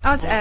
Az el...